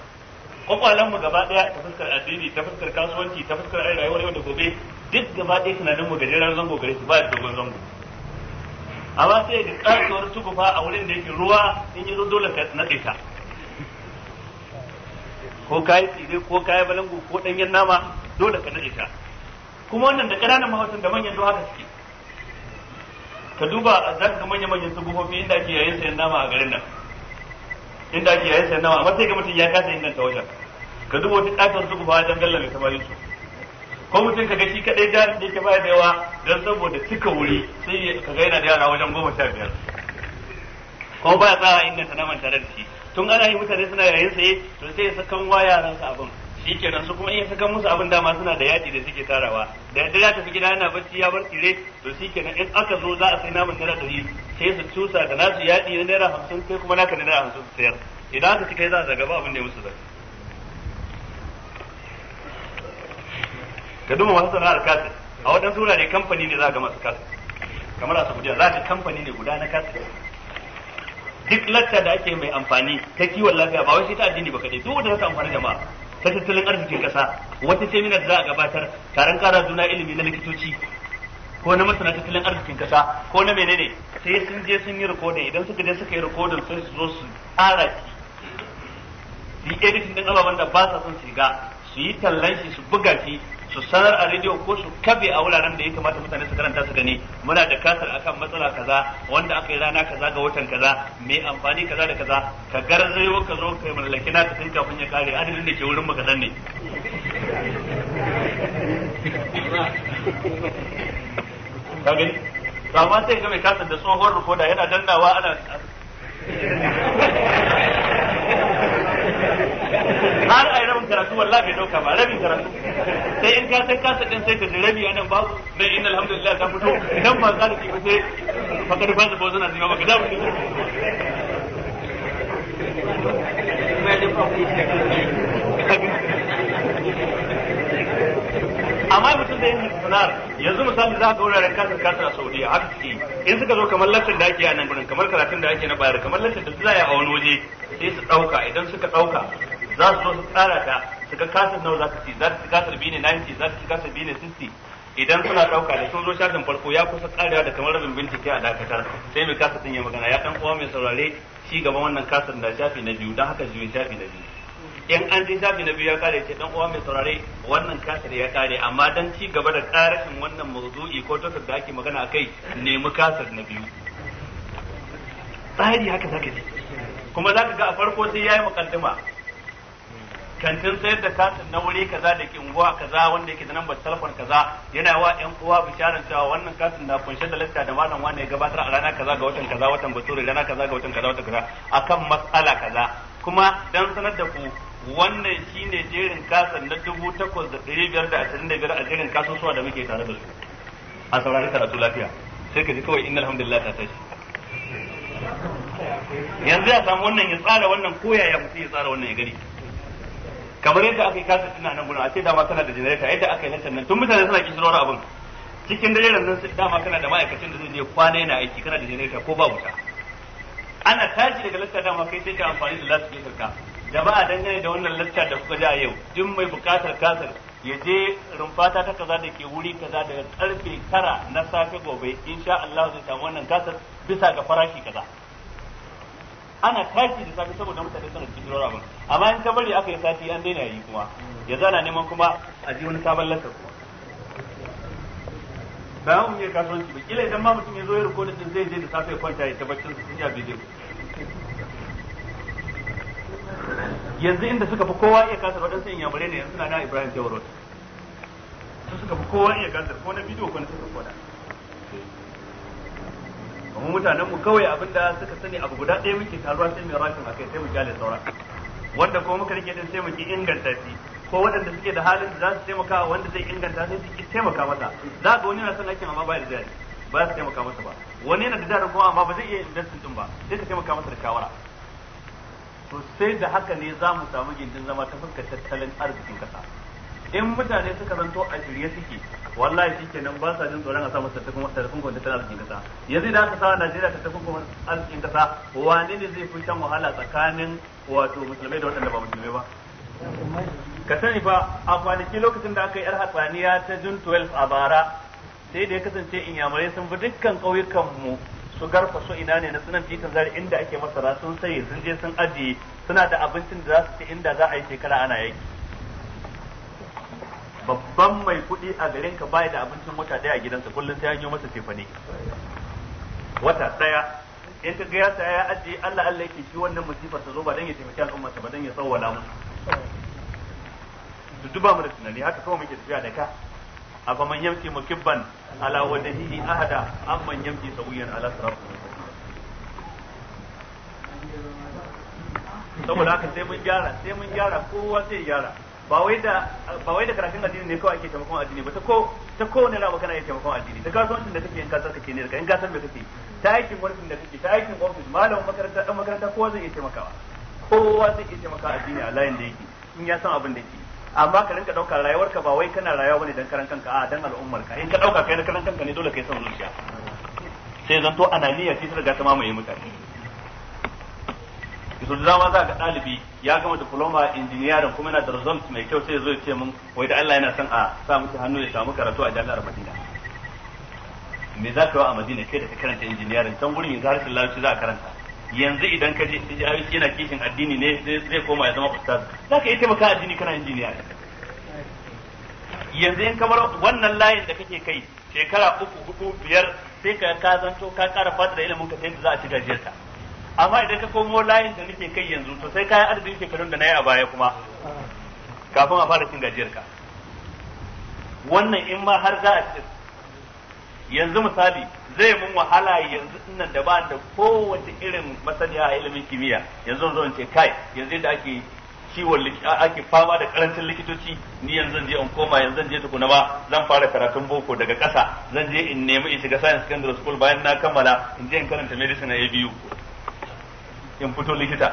S1: kwakwalen mu gaba daya ta fuskar addini ta fuskar kasuwanci ta fuskar rayuwar yau da gobe duk gaba daya tunanin mu gajeren zango gare su ba da dogon zango amma sai ga kasuwar tukufa a wurin da yake ruwa in yi dole ka natse ta ko kayi tsire ko kayi balangu ko danyen nama dole ka na ta kuma wannan da kananan mahautan da manyan don haka suke ka duba za ka manya-manyan tukufofi inda ake yayin sayan nama a garin nan inda ake yayin sai nawa amma sai ga mutum ya kasa inganta wajen ka duba wata katar su kuma dan galla ta tabayin su ko mutum ka shi kadai da ka bayar da yawa dan saboda cika wuri sai ga yana da yara wajen goma sha biyar ko ba ya tsara inganta naman tare da shi tun ana yi mutane suna yayin sai to sai ya sakan wa yaransa abin shikenan su kuma in saka musu abin dama suna da yaji da suke tarawa da yadda za ta fi gida yana bacci ya bar tsire to shikenan in aka zo za a sai naman naira ɗari sai su cusa da nasu yaji na naira hamsin kai kuma naka naira hamsin su sayar idan aka ci kai za a zaga ba abin da ya musu zaka ka duba masu sana'ar kasa a waɗansu ne kamfani ne za ga masu kasa kamar a saudiya za ka kamfani ne guda na kasa duk latta da ake mai amfani ta kiwon lafiya ba wai shi ta addini ba kaɗai duk wanda za ka amfani jama'a ta tattalin arzikin kasa wata seminar za a gabatar taron kara juna ilimi na likitoci ko na masana tattalin arzikin ƙasa, ko na menene sai sun je sun yi rikodin idan suka je suka yi rikodin sai su zo su tsara shi yi editing din ababen da ba sa son siga shiga su yi tallan su buga shi su sanar a rediyo ko su kabe a wuraren da ya kamata mutane su karanta su gani muna da kasar akan matsala kaza wanda aka yi rana kaza ga watan kaza mai amfani kaza da kaza ka garzayo ka zo kai mallaki na ta tinka kun ya kare adadin da ke wurin mu kadan ne kage to amma sai ga mai kasar da tsohon rufoda yana dannawa ana karatu wallahi bai dauka ba rabin karatu sai in ka san kasa din sai ka ji rabi nan babu dan inna alhamdulillah ta fito dan ba za ki fice fa ka rufa ba zan zima baka da mu amma mutum da yin sanar yanzu misali za ka wuraren kasar kasar a saudiya haka suke in suka zo kamar lantar da ake a nan gudun kamar karatun da ake na bayar kamar lantar da su za a wani waje sai su ɗauka idan suka ɗauka za su zo su tsara ta su ga kasar nawa za ka ci za su ci kasar biyu ne 90 za su ci kasar biyu ne 60 idan suna dauka da sun zo shafin farko ya kusa karewa da kamar rabin bincike a dakatar sai mai kasa ya magana ya dan uwa mai saurare shi gaban wannan kasar da shafi na biyu don haka juyin shafi na biyu in an ji shafi na biyu ya kare ce dan uwa mai saurare wannan kasar ya kare amma dan ci gaba da karashin wannan mawdu'i ko tokar da ake magana akai nemi kasar na biyu tsari haka zaka ji kuma zaka ga a farko sai yayi mukaddima kantin sayar da katin na wuri kaza da ke unguwa kaza wanda yake da lambar telefon kaza yana wa ƴan uwa bisharar cewa wannan katin na kunshe da lacca da malam wani ya gabatar a rana kaza ga watan kaza watan bature rana kaza ga watan kaza watan kaza akan matsala kaza kuma dan sanar da ku wannan shine jerin kasan na dubu takwas da ɗari biyar da ashirin da biyar a jerin kasusuwa da muke tare da su a saurari karatu lafiya sai ka ji kawai inna alhamdulillah ta tashi yanzu ya samu wannan ya tsara wannan koyaya yaya mutum ya tsara wannan ya gani kamar yadda aka yi kasa tuna nan gurin a ce dama tana da janareta yadda aka yi lantan nan tun mutane suna rawar abin cikin dare nan dama kana da ma'aikacin da zai je kwana yana aiki kana da janareta ko ba wuta ana tashi daga lasta dama kai sai ka amfani da lasu ka jama'a dangane da wannan lasta da kuka ji a yau duk mai bukatar kasar ya je rumfata ta kaza da ke wuri kaza daga karfe tara na safe gobe insha Allah zai samu wannan kasar bisa ga farashi kaza ana tashi da safe saboda mutane suna cikin abin amma in ka bari aka yi sati an daina yi kuma ya zana neman kuma a ji wani sabon lasar kuma ba mu yi kasuwanci ba kila idan ma mutum ya zo ya rikodin din zai je da safe kwanta ya tabbatar da sun ja bidiyo
S2: yanzu inda suka fi kowa iya kasar
S1: waɗansu inyamurai ne yanzu na na Ibrahim Jawarot su suka fi kowa iya kasar ko na bidiyo ko na suka kwada kuma mutanen mu kawai abinda suka sani abu guda ɗaya muke taruwa sai mai rashin akai sai mu jale sauran wanda kuma muka rike din sai mu ki inganta shi ko waɗanda suke da halin da za su taimaka wanda zai inganta sai su ki taimaka masa za ga wani na son aikin amma ba da ba za su taimaka masa ba wani na da jarin kuma amma ba zai iya investin din ba sai ka taimaka masa da shawara to sai da haka ne za mu samu gindin zama ta fuskar tattalin arzikin kasa in mutane suka zanto a shirye suke wallahi nan ba sa jin tsoron a sa tattakun tattakun gwanda tana arzikin kasa yanzu idan aka sa Najeriya tattakun gwanda arzikin kasa wane ne zai fi shan wahala tsakanin wato musulmai da waɗanda ba musulmai ba ka sani ba a kwanaki lokacin da aka yi yar hatsaniya ta jun 12 a bara sai da ya kasance inyamurai sun bi dukkan ƙauyukan mu su garfa su ina ne na sunan titan zari inda ake masara sun sai sun je sun ajiye suna da abincin da za su ci inda za a yi shekara ana yaki babban mai kuɗi a garin ka bai da abincin wata daya a gidansa kullum sai an yi masa tefane wata daya in ka ga ya ya ajiye Allah Allah yake shi wannan musibar ta zo ba dan ya taimaki al'ummarsa ba dan ya tsawwala musu ba mu da tunani haka kawai muke tafiya da ka A fa man yamki mukibban ala wajhihi ahada man yamki sawiyan ala sirat saboda haka sai mun gyara sai mun gyara kowa sai gyara ba wai da ba wai da karatun addini ne kawai ake taimakon addini ba ta ko ta kowane rawa kana iya taimakon addini ta kasuwancin da kake in kasar kake ne da in kasar me kake ta aikin wurin da kake ta aikin office malamin makaranta dan makaranta kowa zai iya taimakawa kowa zai iya taimaka addini a layin da yake in ya san abin da yake amma ka rinka daukar rayuwarka ba wai kana rayuwa bane dan karan kanka a dan al'ummarka in ka dauka kai na karan kanka ne dole kai son zuciya sai zanto ananiya ce ta riga ta mamaye mutane so da dama za ga ɗalibi ya gama diploma injiniyarin kuma yana da result mai kyau sai ya zo ya ce mun wai da Allah yana son a sa miki hannu ya samu karatu a jami'ar Madina me za ka yi a Madina kai da ka karanta injiniyarin can gurin yanzu harshen larabci za a karanta yanzu idan ka je yi yana kishin addini ne zai koma ya zama ustaz za ka iya taimaka addini kana injiniyar. yanzu in kamar wannan layin da kake kai shekara uku hudu biyar sai ka ka zanto ka kara fata da ilimin ka sai za a ci gajiyarta amma idan ka komo layin da nake kai yanzu to sai kayan adadin shekarun da na yi a baya kuma kafin a fara cin gajiyar wannan in ma har za a ci yanzu misali zai mun wahala yanzu nan da ba da kowace irin masaniya a ilimin kimiyya yanzu zan ce kai yanzu da ake ciwon ake fama da karancin likitoci ni yanzu zan je in koma yanzu zan je tukuna ba zan fara karatun boko daga ƙasa zan je in nemi in shiga science secondary school bayan na kammala in je in karanta medicine a abu in fito likita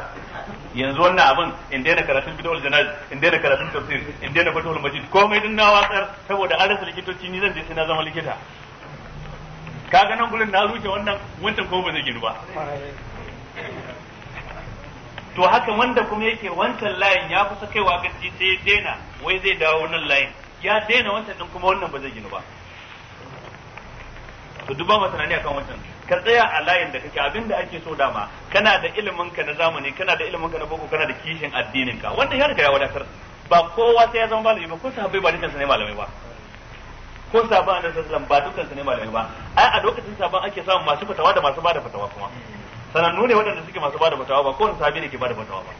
S1: yanzu wannan abin in daina karatun fito janaz in daina karatun tafsir in daina fito almajid komai din na watsar saboda an rasa likitoci ni zan je sai na zama likita kaga nan gurin na ruce wannan wancan ko ba zai gidu ba to haka wanda kuma yake wancan layin ya kusa kaiwa gaci sai ya daina wai zai dawo nan layin ya daina wancan din kuma wannan ba zai gidu ba to duba masana ne akan wancan ka tsaya a layin da kake abin da ake so dama kana da ilimin ka na zamani kana da ilimin ka na boko kana da kishin addinin ka wanda ya riga ya wadatar ba kowa sai ya zama malami ba ko sahabbai ba dukansu ne malami ba ko sabon annabi sallallahu ba dukansu ne malami ba ai a lokacin sahabban ake samun masu fatawa da masu bada fatawa kuma sanannu ne waɗanda suke masu bada fatawa ba wani sahabi ne ke bada fatawa ba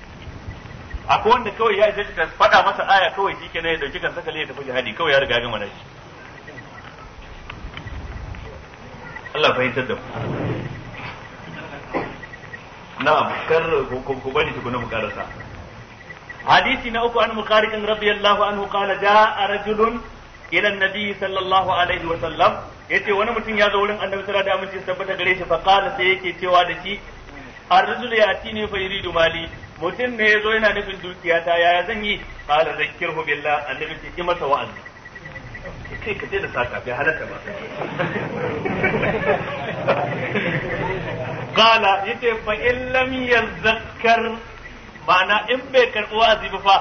S1: akwai wanda kawai ya isa ta faɗa masa aya kawai shi ne ya dauki kan kale ya tafi jihadi kawai ya riga ya gama da shi Allah fahimtar da ku na'am kar ku bani tukuna mu karasa hadisi na uku an muqarikin radiyallahu anhu da a rajulun ila annabi sallallahu alaihi wa sallam ce wani mutum ya zo wurin annabi sallallahu da wa tabbata gare shi fa qala sai yake cewa da shi ar-rajulu yatini fa yuridu mali mutum ne ya zo yana nufin ta yaya zan yi qala zakkirhu billah annabi ce ki masa wa'azi kai ka daina sata bai halaka ba qala yace fa in lam yazakkar ma'ana in bai karbi wa'azi ba fa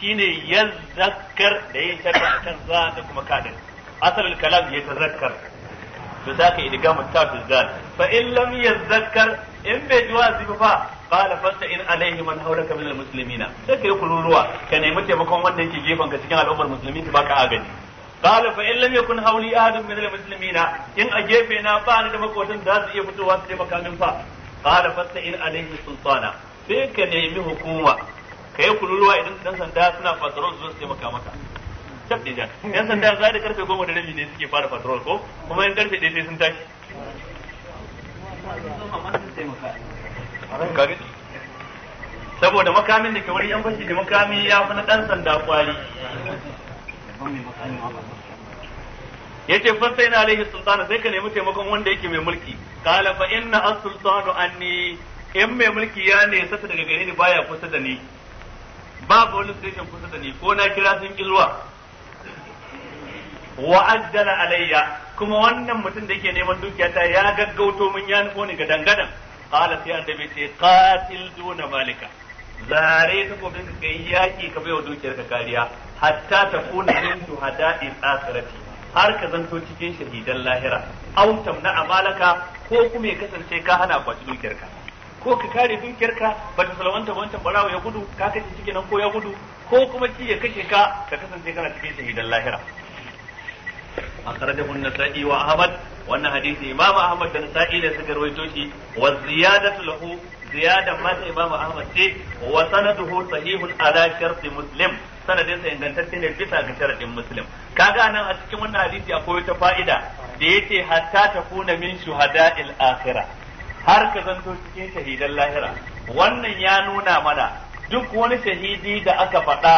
S1: shine yazakkar da yin sharri akan za da kuma kadin asalul kalam ya tazakkar to da ka idgamu tafiz dal fa in lam yazakkar in bai ji wa'azi ba fa qala fasta in alaihi man hawlaka min almuslimina sai kai kururuwa ka nemi taimakon wanda yake gefen ka cikin al'ummar musulmi ka baka agani qala fa in lam yakun hawli ahadun musulmi na, in a gefe na ba ni da makotan da su iya fitowa su taimaka min fa qala fasta'in alayhi sultana sai ka nemi hukuma ka yi kururuwa idan dan sanda suna patrol su taimaka maka tab da jan yan sanda za da karfe goma da rabi ne suke fara patrol ko kuma yan karfe ɗaya sai sun tashi saboda makamin da ke wani yan fashi da makami ya fi na dan sanda kwari yace fastaina alaihi sultana sai ka nemi taimakon wanda yake mai mulki kala fa inna as-sultanu anni in mai mulki ya ne sata daga gare ni baya kusa da ni babu wani station kusa da ni ko na kira sun kilwa wa ajjala alayya kuma wannan mutum da yake neman dukiya ta ya gaggauto mun ya nufo ni ga dangadan kala sai annabi ce qatil duna malika zare ta ko ka kai yaki ka bayo dukiyar ka kariya hatta ta kuna min shuhada'i akhirati har ka zanto cikin shahidan lahira autam na amalaka ko kuma ya kasance ka hana kwaci dukiyarka ko ka kare dukiyarka ba ta salwanta ba wancan barawa ya gudu ka kace cikin nan ko ya gudu ko kuma shi ya kashe ka ka kasance kana cikin shahidan lahira akhrajahu an-nasa'i wa ahmad wannan hadisi imam ahmad da nasa'i ne shi wa ziyadan ma ta imamu ahmad ce wa sanaduhu sahihun ala sharti muslim sanadin sa ingantacce ne bisa ga sharadin muslim kaga nan a cikin wannan hadisi akwai wata fa'ida da yace hatta ta kuna min shuhada'il akhirah har ka zanto cikin shahidan lahira wannan ya nuna mana duk wani shahidi da aka faɗa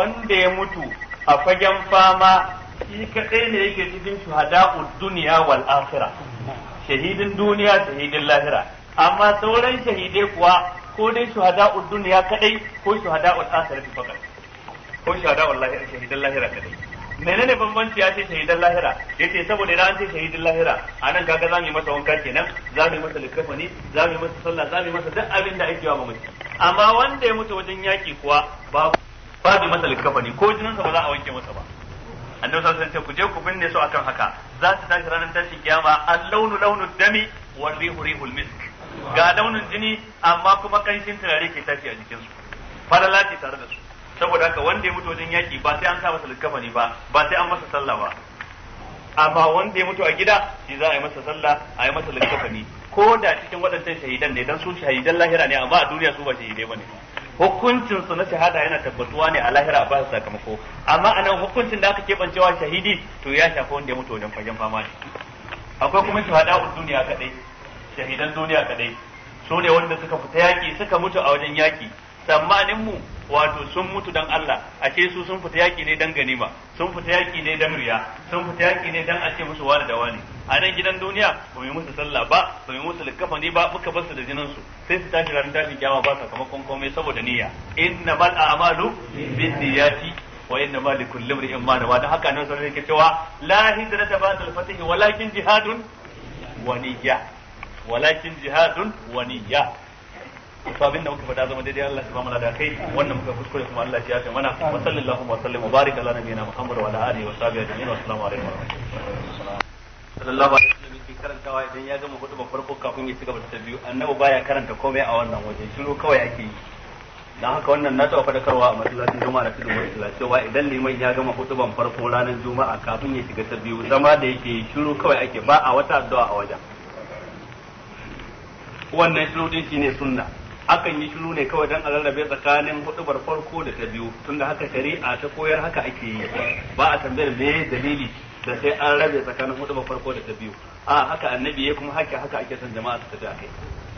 S1: wanda ya mutu a fagen fama shi kadai ne yake cikin shuhada'ud duniya wal akhirah shahidin duniya shahidin lahira amma sauran shahidai kuwa ko dai shuhada'ud duniya kadai ko shuhada'ul akhirati fakat ko shuhada'ul lahira shahidan lahira kadai menene bambanci ya ce shahidan lahira yace saboda idan an ce shahidan lahira anan kaga za mu yi masa wanka kenan za mu yi masa likafani za mu yi masa sallah za mu yi masa duk abin da ake wa mamaci amma wanda ya mutu wajen yaki kuwa ba ba bi masa likafani ko sa ba za a wanke masa ba annabi sallallahu alaihi wasallam ku je ku binne su akan haka za su tashi ranar tashin kiyama al-launu launu dami wa rihu rihul misk ga launin jini amma kuma kanshin turare ke tashi a jikinsu falala tare da su saboda haka wanda ya mutu wajen yaki ba sai an sa masa likafani ba ba sai an masa sallah ba amma wanda ya mutu a gida shi za a yi masa sallah a yi masa likafani ko da cikin waɗancan shahidan ne dan su shahidan lahira ne amma a duniya su ba shahidai bane hukuncin su na shahada yana tabbatuwa ne a lahira ba su sakamako amma anan hukuncin da aka keɓancewa shahidi to ya shafi wanda ya mutu wajen fagen fama ne akwai kuma shahada a duniya kaɗai. shahidan duniya kadai su ne wanda suka fita yaki suka mutu a wajen yaki tsammanin mu wato sun mutu dan Allah ce su sun fita yaki ne dan ganima sun fita yaki ne dan riya sun fita yaki ne dan ce musu wani da wani a nan gidan duniya ba mu musu sallah ba ba mu musu ne ba muka basu da jinin su sai su tashi ran tashin kiyama ba sakamakon komai saboda niyya innamal a'malu binniyati wa innamal likulli imrin ma nawa haka nan sai yake cewa la hijrata ba'da al-fath walakin jihadun wa niyya walakin jihadun wa niyya to abin da muka fada zama daidai Allah ya ba mu da kai wannan muka kuskure kuma Allah ya yafe mana wa sallallahu wa sallam wa barik ala nabiyyina Muhammad wa ala alihi wa sahbihi ajma'in wa assalamu alaikum wa rahmatullahi sallallahu alaihi wasallam yake karantawa idan ya gama hudu farko kafin ya cigaba da biyu annabi baya karanta komai a wannan waje shiru kawai yake yi dan haka wannan na taɓa fadakarwa a masallacin juma'a da tudun masallaci cewa idan liman ya gama hutuban farko ranar juma'a kafin ya shiga ta biyu zama da yake shiru kawai ake ba a wata addu'a a wajen wannan shiru din shine sunna akan yi shiru ne kawai dan a rarrabe tsakanin hudubar farko da ta biyu tunda haka shari'a ta koyar haka ake yi ba a tambayar me dalili da sai an rabe tsakanin hudubar farko da ta biyu a haka annabi ya kuma haka haka ake son jama'a su tafi akai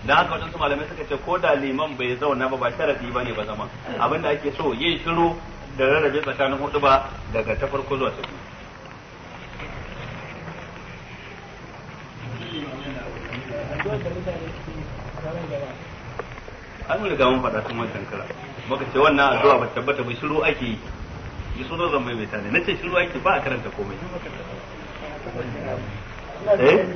S1: dan haka wajen su malamai suka ce ko da liman bai zauna ba ba sharadi ba ne ba zaman abinda ake so yin shiru da rarrabe tsakanin huduba daga ta farko zuwa ta biyu Gracias. an mu riga mun faɗa tun wancan kara muka ce wannan addu'a ba tabbata ba shiru ake yi yi sunan zan mai mutane na ce shiru ake ba a karanta komai
S2: eh?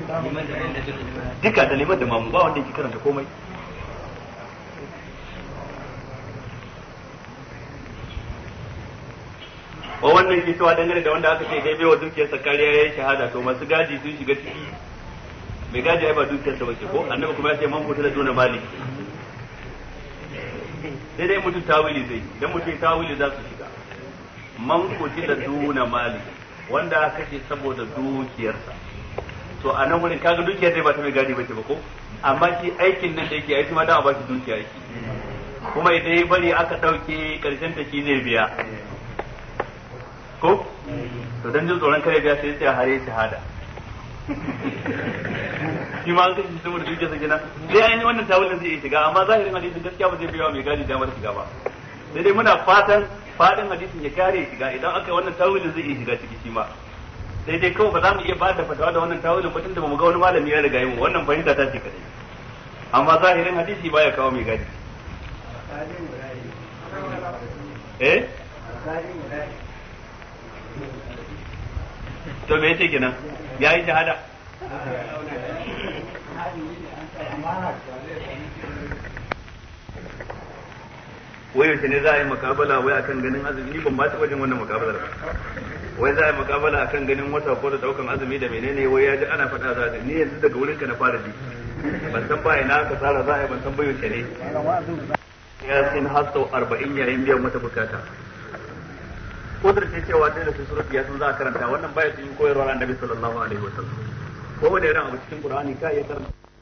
S2: duka da
S1: liman da mamu ba wanda yake karanta komai wa wannan ke cewa dangane da wanda aka ce daidai wa dukiyar sakariya ya yi shahada to masu gadi sun shiga ciki mai gadi ai ba dukiyarsa ba ko annabi kuma ya ce man kuta da dona mali sai dai mutum tawili zai dan mutum tawili za su shiga man kuta da dona mali wanda aka ce saboda dukiyarsa to a nan wurin kaga dukiyar dai ba ta mai gadi ba ce ba ko amma shi aikin nan da yake aiki ma da a bashi dukiya
S2: yake kuma
S1: idan ya bari aka dauke karshen ta shi zai biya ko to dan jin tsoron kare biya sai ya hare shahada shi ma zai yi saboda zuciya sa kenan sai an yi wannan tawulin zai iya shiga amma zahirin hadisin gaskiya ba zai biya mai gadi damar shiga ba sai dai muna fatan fadin hadisin ya kare shiga idan aka wannan tawulin zai iya shiga ciki shi ma sai dai kawai ba za mu iya ba da fatawa da wannan tawulin ba tunda ba mu ga wani malami ya riga yi mu wannan fahimta ta ce kadai amma zahirin hadisi baya kawo mai gadi
S2: eh to me yake kenan Ya yi shahada
S1: wai yaushe ne za a yi makabala wai akan ganin azumi ni ban ba ta wajen wannan makabalar ba wai za a yi makabala akan ganin wata ko da daukan azumi da menene wai ya ji ana faɗa za ni yanzu daga wurinka na fara ji ban san ba ina ka tsara za a yi ban san ba yaushe ne ya sin hasto 40 arba'in yayin biyan wata bukata kudurce cewa dole sai surat ya sun za a karanta wannan baya cikin koyarwa annabi sallallahu alaihi wasallam ko wani ran abu cikin qur'ani ka iya karanta